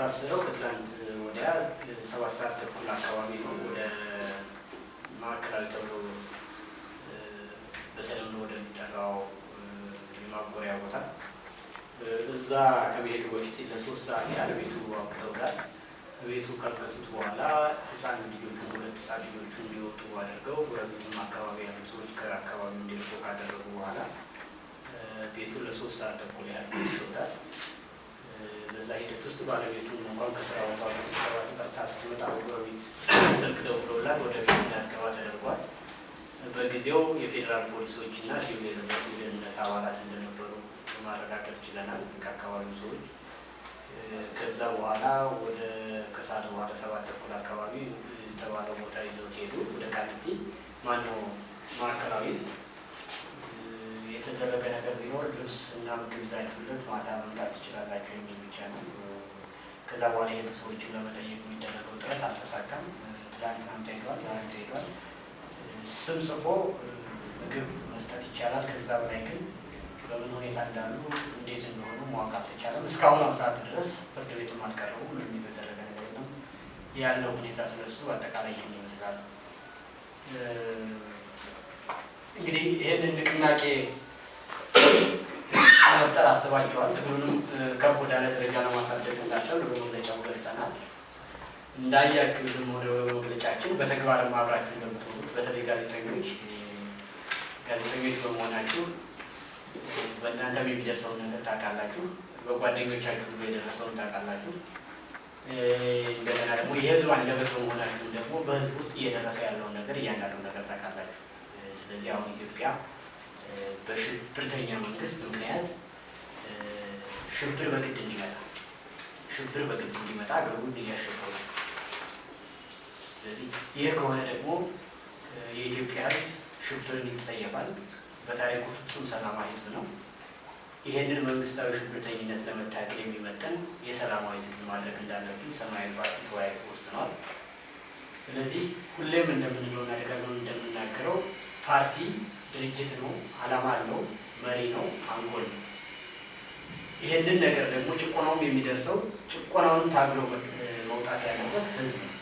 የታሰረው ከትላንት ወዲያ ሰባት ሰዓት ተኩል አካባቢ ነው ወደ ማዕከላዊ ተብሎ በተለምዶ ወደሚጠራው የማጎሪያ ቦታ እዛ ከመሄዱ በፊት ለሶስት ሰዓት ያህል ቤቱ አውጥተውታል። ቤቱ ከከቱት በኋላ ህፃን ልጆቹን ሁለት ህፃን ልጆቹ እንዲወጡ አድርገው ጎረቤቱም አካባቢ ያሉ ሰዎች ከአካባቢ እንዲወጡ ካደረጉ በኋላ ቤቱ ለሶስት ሰዓት ተኩል ያህል ይሾታል። በዛ ሂደት ውስጥ ባለቤቱ እንኳን ከስራ ቦታ ከስብሰባ ተጠርታ ስትመጣ በጎረቤት ስልክ ደውሎላት ወደ ቤት እንዳትገባ ተደርጓል። በጊዜው የፌዴራል ፖሊሶች እና ሲቪል የለበሱ ደህንነት አባላት እንደነበሩ ማረጋገጥ ችለናል ከአካባቢው ሰዎች። ከዛ በኋላ ወደ ከሰዓት በኋላ ሰባት ተኩል አካባቢ የተባለው ቦታ ይዘው ሄዱ ወደ ቃሊቲ ማነው ማዕከላዊ ቢኖር ልብስ እና ምግብ እዛ ማታ መምጣት ትችላላቸው የሚል ብቻ ነው። ከዛ በኋላ የሄዱ ሰዎችን ለመጠየቅ የሚደረገው ጥረት አልተሳካም። ትላንትናም ተሄዷል፣ ዛሬም ተሄዷል። ስም ጽፎ ምግብ መስጠት ይቻላል። ከዛ በላይ ግን በምን ሁኔታ እንዳሉ እንዴት እንደሆኑ ማወቅ አልተቻለም። እስካሁን ሰዓት ድረስ ፍርድ ቤትም አልቀረቡ ምንም የተደረገ ነገር የለም። ያለው ሁኔታ ስለሱ አጠቃላይ ይህን ይመስላል። እንግዲህ ይህንን ንቅናቄ ለመፍጠር አስባቸዋል። ትግሉንም ከፍ ወዳለ ደረጃ ለማሳደግ እንዳሰብ በመግለጫው ገልጸናል። እንዳያችሁትም ሆነ መግለጫችን በተግባር ማብራችሁ እንደምትሆኑት በተለይ ጋዜጠኞች ጋዜጠኞች በመሆናችሁ በእናንተም የሚደርሰውን ነገር ታውቃላችሁ፣ በጓደኞቻችሁ የደረሰውን ታውቃላችሁ። እንደገና ደግሞ የህዝብ አንደበት በመሆናችሁም ደግሞ በህዝብ ውስጥ እየደረሰ ያለውን ነገር እያንዳንዱ ነገር ታውቃላችሁ። ስለዚህ አሁን ኢትዮጵያ በሽብርተኛ መንግስት ምክንያት ሽብር በግድ እንዲመጣ ሽብር በግድ እንዲመጣ አገሩን እያሸበሩ ስለዚህ ይህ ከሆነ ደግሞ የኢትዮጵያ ሕዝብ ሽብርን ይጸየፋል። በታሪኩ ፍጹም ሰላማዊ ህዝብ ነው። ይህንን መንግስታዊ ሽብርተኝነት ለመታገል የሚመጥን የሰላማዊ ትግል ማድረግ እንዳለብን ሰማያዊ ፓርቲ ተወያይቶ ወስኗል። ስለዚህ ሁሌም እንደምንለው እና ደጋግመን እንደምናገረው ፓርቲ ድርጅት ነው፣ አላማ አለው፣ መሪ ነው፣ አንጎል ነው። ይሄንን ነገር ደግሞ ጭቆናውም የሚደርሰው ጭቆናውን ታግሎ መውጣት ያለበት ህዝብ ነው።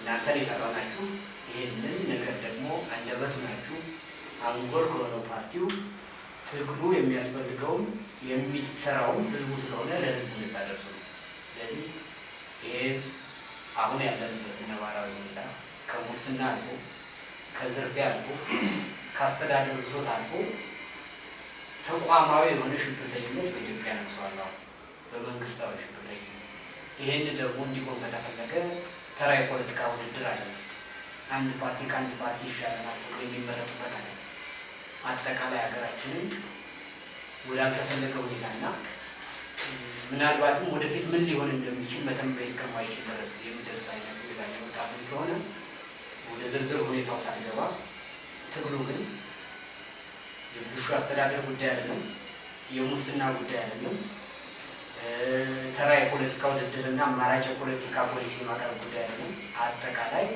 እናንተን የጠራናችሁ ይህንን ነገር ደግሞ አንደበት ናችሁ። አንጎል ከሆነው ፓርቲው ትግሉ የሚያስፈልገውም የሚሰራውም ህዝቡ ስለሆነ ለህዝቡ ልታደርሱ ነው። ስለዚህ ይህ ህዝብ አሁን ያለንበት ነባራዊ ሁኔታ ከሙስና አልፎ ከዝርፊያ አልፎ ከአስተዳደር ብሶት አልፎ ተቋማዊ የሆነ ሽብርተኝነት በኢትዮጵያ ነግሷል። በመንግስታዊ ሽብርተኝነት ይህን ደግሞ እንዲሆን ከተፈለገ ተራ የፖለቲካ ውድድር አለ። አንድ ፓርቲ ከአንድ ፓርቲ ይሻለናል ተብሎ የሚመረጥበት አለ። አጠቃላይ ሀገራችንን ወዳልተፈለገ ሁኔታና ምናልባትም ወደፊት ምን ሊሆን እንደሚችል መተንበይ እስከማይችል ድረስ የሚደርስ አይነት ሁኔታ የመጣብን ስለሆነ ወደ ዝርዝር ሁኔታው ሳንገባ ትግሉ ግን የብልሹ አስተዳደር ጉዳይ አይደለም፣ የሙስና ጉዳይ አይደለም፣ ተራ የፖለቲካ ውድድርና አማራጭ የፖለቲካ ፖሊሲ ማቅረብ ጉዳይ አይደለም። አጠቃላይ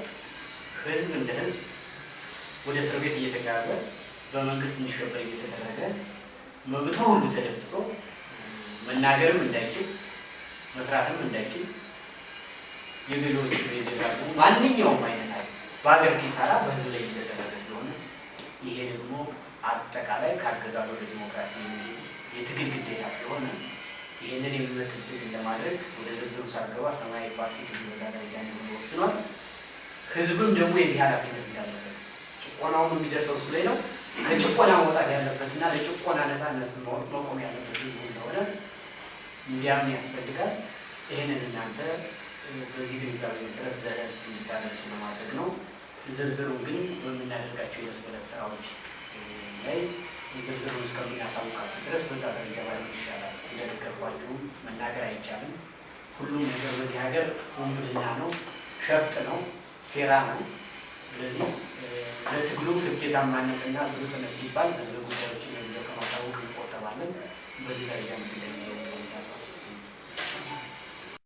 ህዝብ እንደ ህዝብ ወደ እስር ቤት እየተጋዘ በመንግስት እንዲሸበር እየተደረገ መብቶ ሁሉ ተደፍትቶ መናገርም እንዳይችል መስራትም እንዳይችል የገሎች የተጋዙ ማንኛውም አይነት በሀገር ኪሳራ በህዝብ ላይ እየተደረገ ስለሆነ ይሄ ደግሞ አጠቃላይ ከአገዛዝ ወደ ዲሞክራሲ የትግል ግዴታ ስለሆነ ይህንን የሚመጥን ትግል ለማድረግ ወደ ዝርዝሩ ሳገባ ሰማያዊ ፓርቲ ትግል በዛ ደረጃ እንደሆነ ወስኗል። ህዝብም ደግሞ የዚህ ኃላፊነት እንዳለበት ጭቆናውም የሚደርሰው እሱ ላይ ነው። ለጭቆና መውጣት ያለበት ያለበትና ለጭቆና ነፃነት መቆም ያለበት ህዝቡ እንደሆነ እንዲያምን ያስፈልጋል። ይህንን እናንተ በዚህ ግንዛቤ መሰረት ለህዝብ እንዲታረስ ዝርዝሩን ግን በምናደርጋቸው የህዝብለት ስራዎች ላይ ዝርዝሩን እስከምናሳውቃችሁ ድረስ በዛ ደረጃ ባይሆን ይሻላል። እንደነገርኳችሁ መናገር አይቻልም። ሁሉም ነገር በዚህ ሀገር ወንብድና ነው፣ ሸፍጥ ነው፣ ሴራ ነው። ስለዚህ ለትግሉ ስኬታማነትና ስሉጥነት ሲባል ዝርዝር ጉዳዮችን ለሚዘው ከማሳወቅ እንቆጠባለን። በዚህ ደረጃ ምትለሚዘው